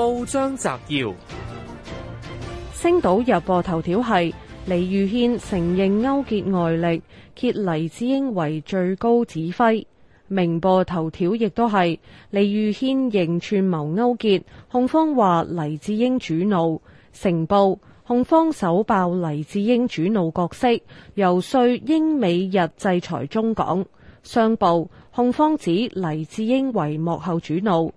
.報章摘要：星島日報頭條係李宇軒承認勾結外力，揭黎智英為最高指揮。明報頭條亦都係李宇軒認串謀勾結，控方話黎智英主腦。成報，控方首爆黎智英主腦角色，遊說英美日制裁中港。商報控方指黎智英為幕後主腦。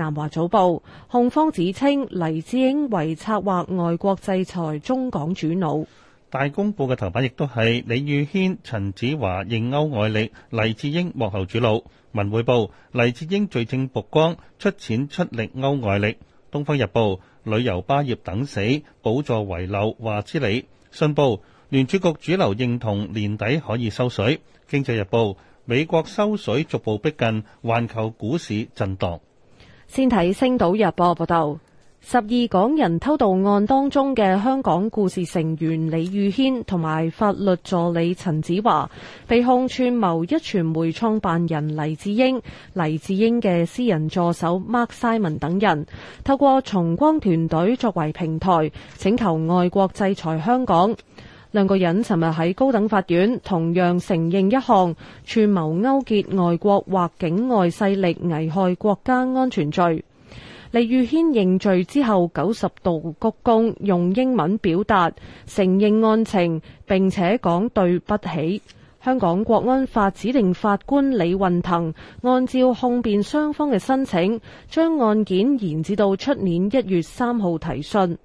南華早報，控方指稱黎智英為策劃外國制裁中港主腦。大公報嘅頭版亦都係李宇軒、陳子華認歐外力，黎智英幕後主腦。文匯報，黎智英罪證曝光，出錢出力歐外力。東方日報，旅遊巴業等死，補助遺留話之理。信報，聯儲局主流認同年底可以收水。經濟日報，美國收水逐步逼近，環球股市震盪。先睇《星島日報》報道，十二港人偷渡案當中嘅香港故事成員李宇軒同埋法律助理陳子華，被控串謀一傳媒創辦人黎智英、黎智英嘅私人助手 Mark Simon 等人，透過重光團隊作為平台，請求外國制裁香港。兩個人尋日喺高等法院同樣承認一項串謀勾結外國或境外勢力危害國家安全罪。李宇軒認罪之後九十度鞠躬，用英文表達承認案情，並且講對不起。香港國安法指定法官李運騰按照控辯雙方嘅申請，將案件延至到出年一月三號提訊。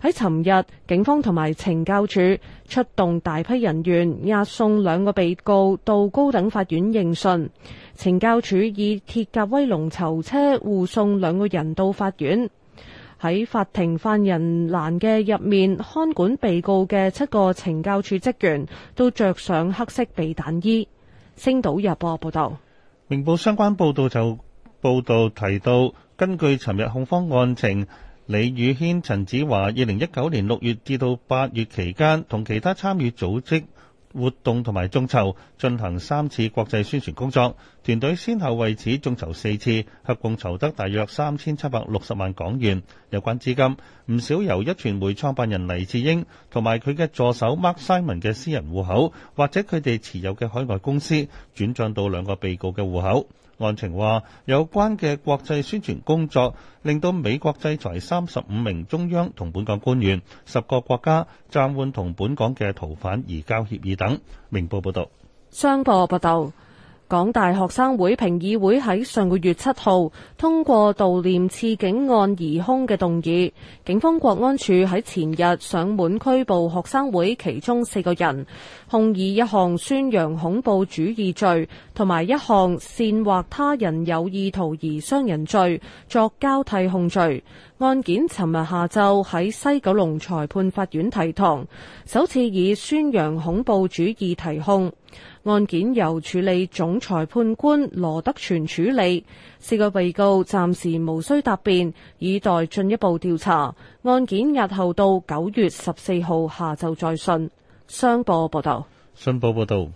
喺尋日，警方同埋懲教署出動大批人員押送兩個被告到高等法院應訊。懲教署以鐵甲威龍囚車護送兩個人到法院。喺法庭犯人欄嘅入面，看管被告嘅七個懲教署職員都著上黑色避彈衣。星島日報報道。明報相關報道就報導提到，根據尋日控方案情。李宇軒、陳子華，二零一九年六月至到八月期間，同其他參與組織活動同埋眾籌，進行三次國際宣傳工作。團隊先後為此眾籌四次，合共籌得大約三千七百六十萬港元。有關資金，唔少由一傳媒創辦人黎智英同埋佢嘅助手 Mark Simon 嘅私人戶口，或者佢哋持有嘅海外公司轉帳到兩個被告嘅戶口。案情話，有關嘅國際宣傳工作，令到美國制裁三十五名中央同本港官員，十個國家暫緩同本港嘅逃犯移交協議等。明報報導，商報報道。港大學生會評議會喺上個月七號通過悼念刺警案疑兇嘅動議，警方國安處喺前日上門拘捕學生會其中四個人，控以一項宣揚恐怖主義罪同埋一項煽惑他人有意圖而傷人罪作交替控罪。案件尋日下晝喺西九龍裁判法院提堂，首次以宣揚恐怖主義提控。案件由處理總裁判官羅德全處理，四個被告暫時無需答辯，以待進一步調查。案件押後到九月十四號下晝再訊。商報報道，信報報道。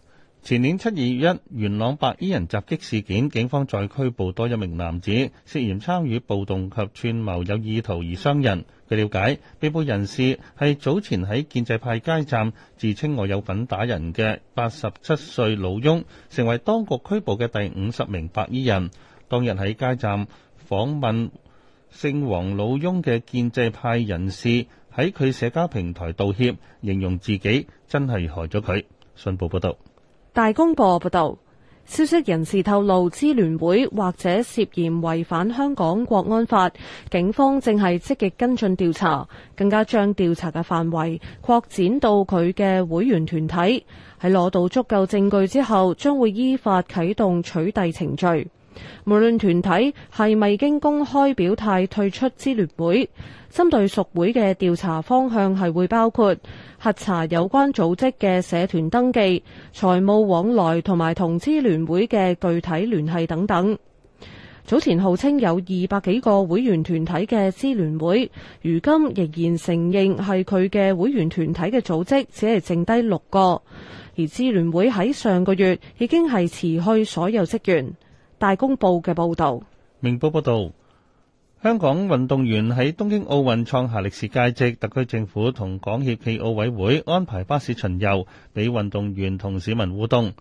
前年七二一元朗白衣人襲擊事件，警方再拘捕多一名男子，涉嫌參與暴動及串謀有意圖而傷人。據了解，被捕人士係早前喺建制派街站自稱我有份打人嘅八十七歲老翁，成為當局拘捕嘅第五十名白衣人。當日喺街站訪問姓王老翁嘅建制派人士喺佢社交平台道歉，形容自己真係害咗佢。信報報道。大公報報道，消息人士透露，支聯會或者涉嫌違反香港國安法，警方正係積極跟進調查，更加將調查嘅範圍擴展到佢嘅會員團體。喺攞到足夠證據之後，將會依法啟動取締程序。無論團體係咪經公開表態退出支聯會，針對屬會嘅調查方向係會包括核查有關組織嘅社團登記、財務往來同埋同支聯會嘅具體聯繫等等。早前號稱有二百幾個會員團體嘅支聯會，如今仍然承認係佢嘅會員團體嘅組織，只係剩低六個。而支聯會喺上個月已經係辭去所有職員。大公報嘅報道，明報報道，香港運動員喺東京奧運創下歷史佳績，特區政府同港協暨奧委會安排巴士巡遊，俾運動員同市民互動。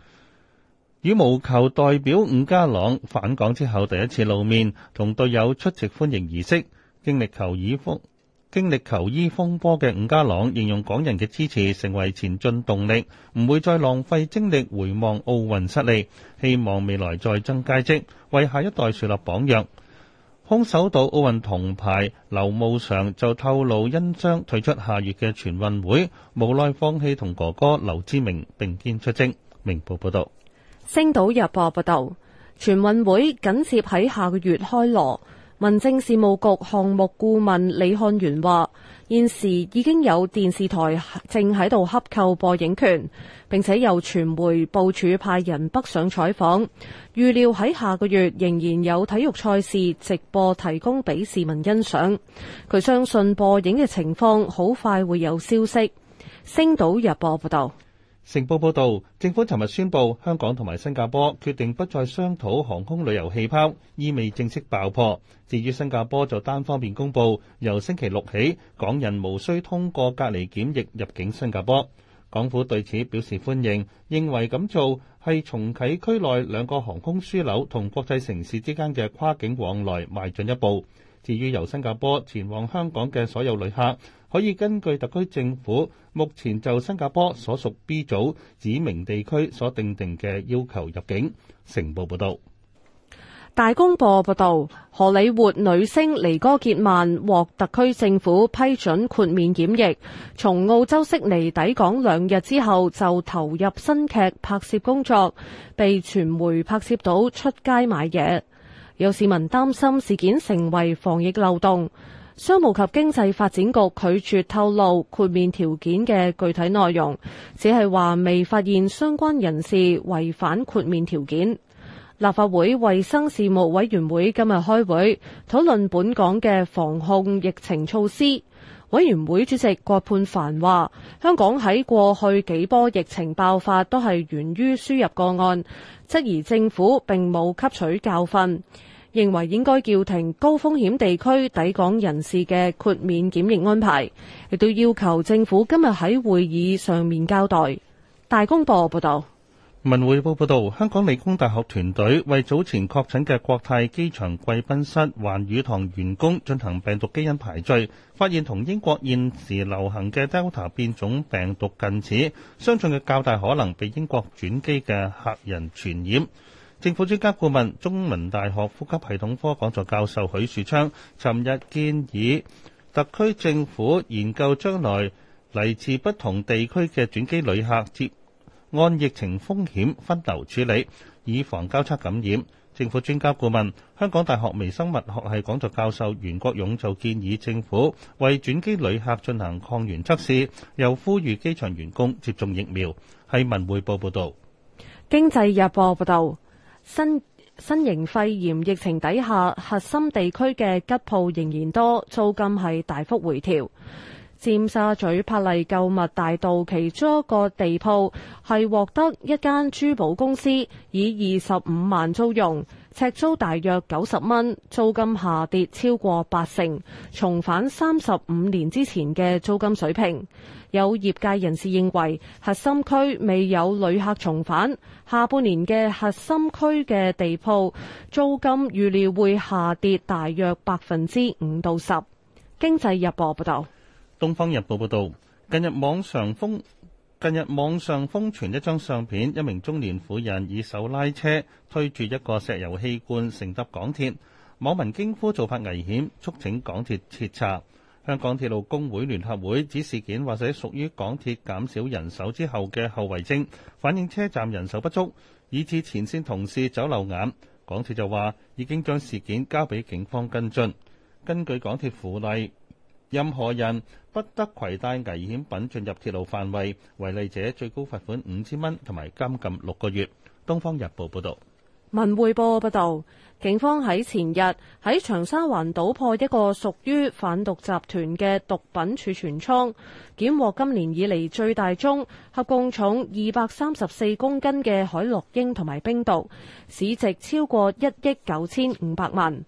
羽毛球代表伍家朗返港之後第一次露面，同隊友出席歡迎儀式，經歷球衣風。經歷球衣風波嘅伍家朗形容港人嘅支持成為前進動力，唔會再浪費精力回望奧運失利，希望未來再增佳績，為下一代樹立榜樣。空手道奧運銅牌劉慕裳就透露因將退出下月嘅全運會，無奈放棄同哥哥劉志明並肩出征。明報報道，星島日報報道，全運會緊接喺下個月開鑼。民政事務局項目顧問李漢元話，現時已經有電視台正喺度洽購播映權，並且由傳媒部署派人北上採訪。預料喺下個月仍然有體育賽事直播提供俾市民欣賞。佢相信播映嘅情況好快會有消息。星島日報報道。成報報導，政府尋日宣布，香港同埋新加坡決定不再商討航空旅遊氣泡，意味正式爆破。至於新加坡就單方面公布，由星期六起，港人無需通過隔離檢疫入境新加坡。港府對此表示歡迎，認為咁做係重啟區內兩個航空樞紐同國際城市之間嘅跨境往來，邁進一步。至於由新加坡前往香港嘅所有旅客，可以根據特區政府目前就新加坡所屬 B 組指明地區所定定嘅要求入境。成報報道，大公報報道，荷里活女星尼哥傑曼獲特區政府批准豁免檢疫，從澳洲悉尼抵港兩日之後就投入新劇拍攝工作，被傳媒拍攝到出街買嘢，有市民擔心事件成為防疫漏洞。商務及經濟發展局拒絕透露豁免條件嘅具體內容，只係話未發現相關人士違反豁免條件。立法會衛生事務委員會今日開會，討論本港嘅防控疫情措施。委員會主席葛珮帆話，香港喺過去幾波疫情爆發都係源於輸入個案，質疑政府並冇吸取教訓。認為應該叫停高風險地區抵港人士嘅豁免檢疫安排，亦都要求政府今日喺會議上面交代。大公報報道，文匯報報道，香港理工大學團隊為早前確診嘅國泰機場貴賓室環宇堂員工進行病毒基因排序，發現同英國現時流行嘅 Delta 變種病毒近似，相信嘅較大可能被英國轉機嘅客人傳染。政府專家顧問、中文大學呼吸系統科講座教授許樹昌，尋日建議特區政府研究將來嚟自不同地區嘅轉機旅客接，按疫情風險分流處理，以防交叉感染。政府專家顧問、香港大學微生物學系講座教授袁國勇就建議政府為轉機旅客進行抗原測試，又呼籲機場員工接種疫苗。係文匯報報導，《經濟日報》報道。新新型肺炎疫情底下，核心地區嘅吉鋪仍然多，租金係大幅回調。尖沙咀柏麗購物大道其中一個地鋪係獲得一間珠寶公司，以二十五萬租用。赤租大約九十蚊，租金下跌超過八成，重返三十五年之前嘅租金水平。有業界人士認為，核心區未有旅客重返，下半年嘅核心區嘅地鋪租金預料會下跌大約百分之五到十。經濟日報報道。東方日報報道，近日網上風。近日網上瘋傳一張相片，一名中年婦人以手拉車推住一個石油氣罐乘搭港鐵，網民驚呼做法危險，促請港鐵徹查。香港鐵路工會聯合會指事件或者屬於港鐵減少人手之後嘅後遺症，反映車站人手不足，以致前線同事走漏眼。港鐵就話已經將事件交俾警方跟進，根據港鐵附例。任何人不得携帶危險品進入鐵路範圍，違例者最高罰款五千蚊，同埋監禁六個月。《東方日報》報道，《文匯報》報道，警方喺前日喺長沙灣搗破一個屬於販毒集團嘅毒品儲存倉，檢獲今年以嚟最大宗，合共重二百三十四公斤嘅海洛英同埋冰毒，市值超過一億九千五百萬。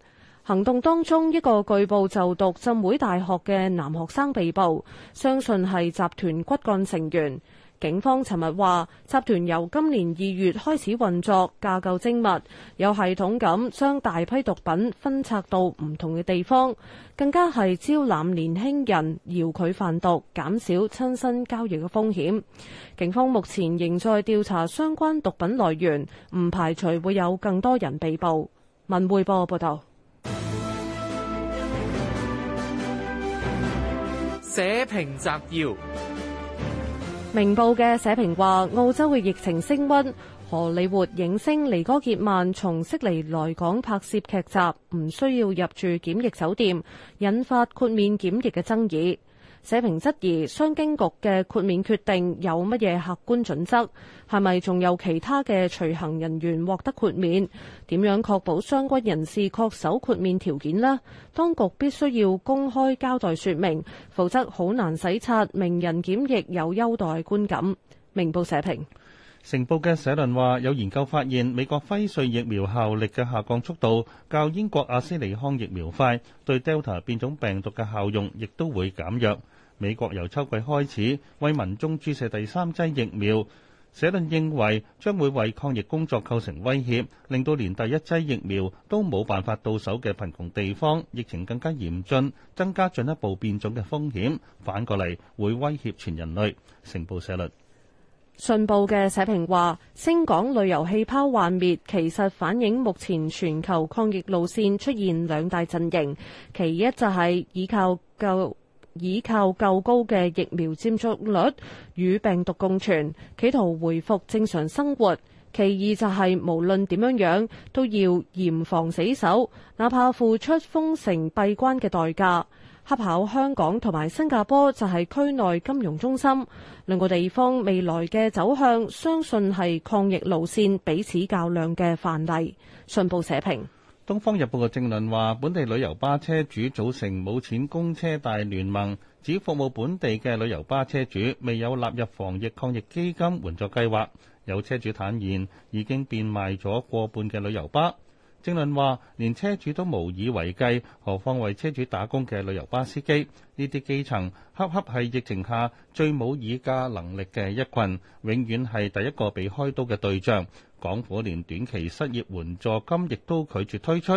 行動當中，一個據報就讀浸會大學嘅男學生被捕，相信係集團骨幹成員。警方尋日話，集團由今年二月開始運作，架構精密，有系統咁將大批毒品分拆到唔同嘅地方，更加係招攬年輕人，遙距販毒，減少親身交易嘅風險。警方目前仍在調查相關毒品來源，唔排除會有更多人被捕。文匯報報道。社評摘要：明報嘅社評話，澳洲嘅疫情升温，荷里活影星尼哥杰曼從悉尼來港拍攝劇集，唔需要入住檢疫酒店，引發豁免檢疫嘅爭議。社評質疑商經局嘅豁免決定有乜嘢客觀準則？係咪仲有其他嘅隨行人員獲得豁免？點樣確保相關人士確守豁免條件呢？當局必須要公開交代說明，否則好難洗刷名人檢疫有優待觀感。明報社評。成報嘅社論話，有研究發現美國輝瑞疫苗效力嘅下降速度較英國阿斯利康疫苗快，對 Delta 變種病毒嘅效用亦都會減弱。美國由秋季開始為民眾注射第三劑疫苗，社論認為將會為抗疫工作構成威脅，令到連第一劑疫苗都冇辦法到手嘅貧窮地方疫情更加嚴峻，增加進一步變種嘅風險。反過嚟會威脅全人類。成報社論，信報嘅社評話，星港旅遊氣泡幻滅，其實反映目前全球抗疫路線出現兩大陣營，其一就係依靠救。依靠夠高嘅疫苗接種率與病毒共存，企圖回復正常生活。其二就係無論點樣樣都要嚴防死守，哪怕付出封城閉關嘅代價。恰巧香港同埋新加坡就係區內金融中心兩個地方未來嘅走向，相信係抗疫路線彼此較量嘅範例。信報社評。《東方日報》嘅正論話，本地旅遊巴車主組成冇錢供車大聯盟，只服務本地嘅旅遊巴車主，未有納入防疫抗疫基金援助計劃。有車主坦言，已經變賣咗過半嘅旅遊巴。正論話：連車主都無以為繼，何況為車主打工嘅旅遊巴司機？呢啲基層恰恰係疫情下最冇議價能力嘅一群，永遠係第一個被開刀嘅對象。港府連短期失業援助金亦都拒絕推出，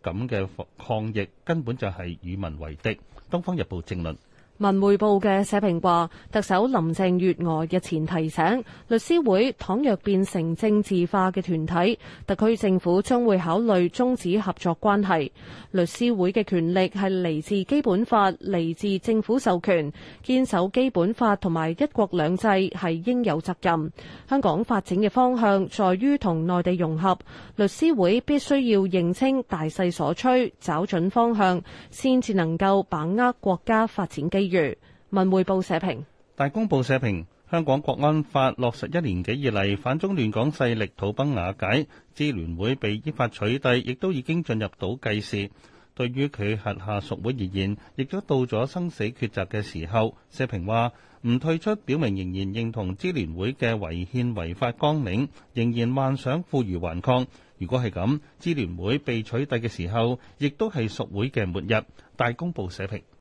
咁嘅抗疫根本就係與民為敵。《東方日報》正論。文匯報嘅社評話，特首林鄭月娥日前提醒律師會，倘若變成政治化嘅團體，特區政府將會考慮終止合作關係。律師會嘅權力係嚟自《基本法》，嚟自政府授權，堅守《基本法》同埋一國兩制係應有責任。香港發展嘅方向在於同內地融合，律師會必須要認清大勢所趨，找準方向，先至能夠把握國家發展機例如文匯報社評，大公報社評。香港國安法落實一年幾以嚟，反中亂港勢力土崩瓦解，支聯會被依法取締，亦都已經進入倒計時。對於佢轄下屬會而言，亦都到咗生死抉擇嘅時候。社評話唔退出，表明仍然認同支聯會嘅違憲違法綱領，仍然幻想負隅頑抗。如果係咁，支聯會被取締嘅時候，亦都係屬會嘅末日。大公報社評。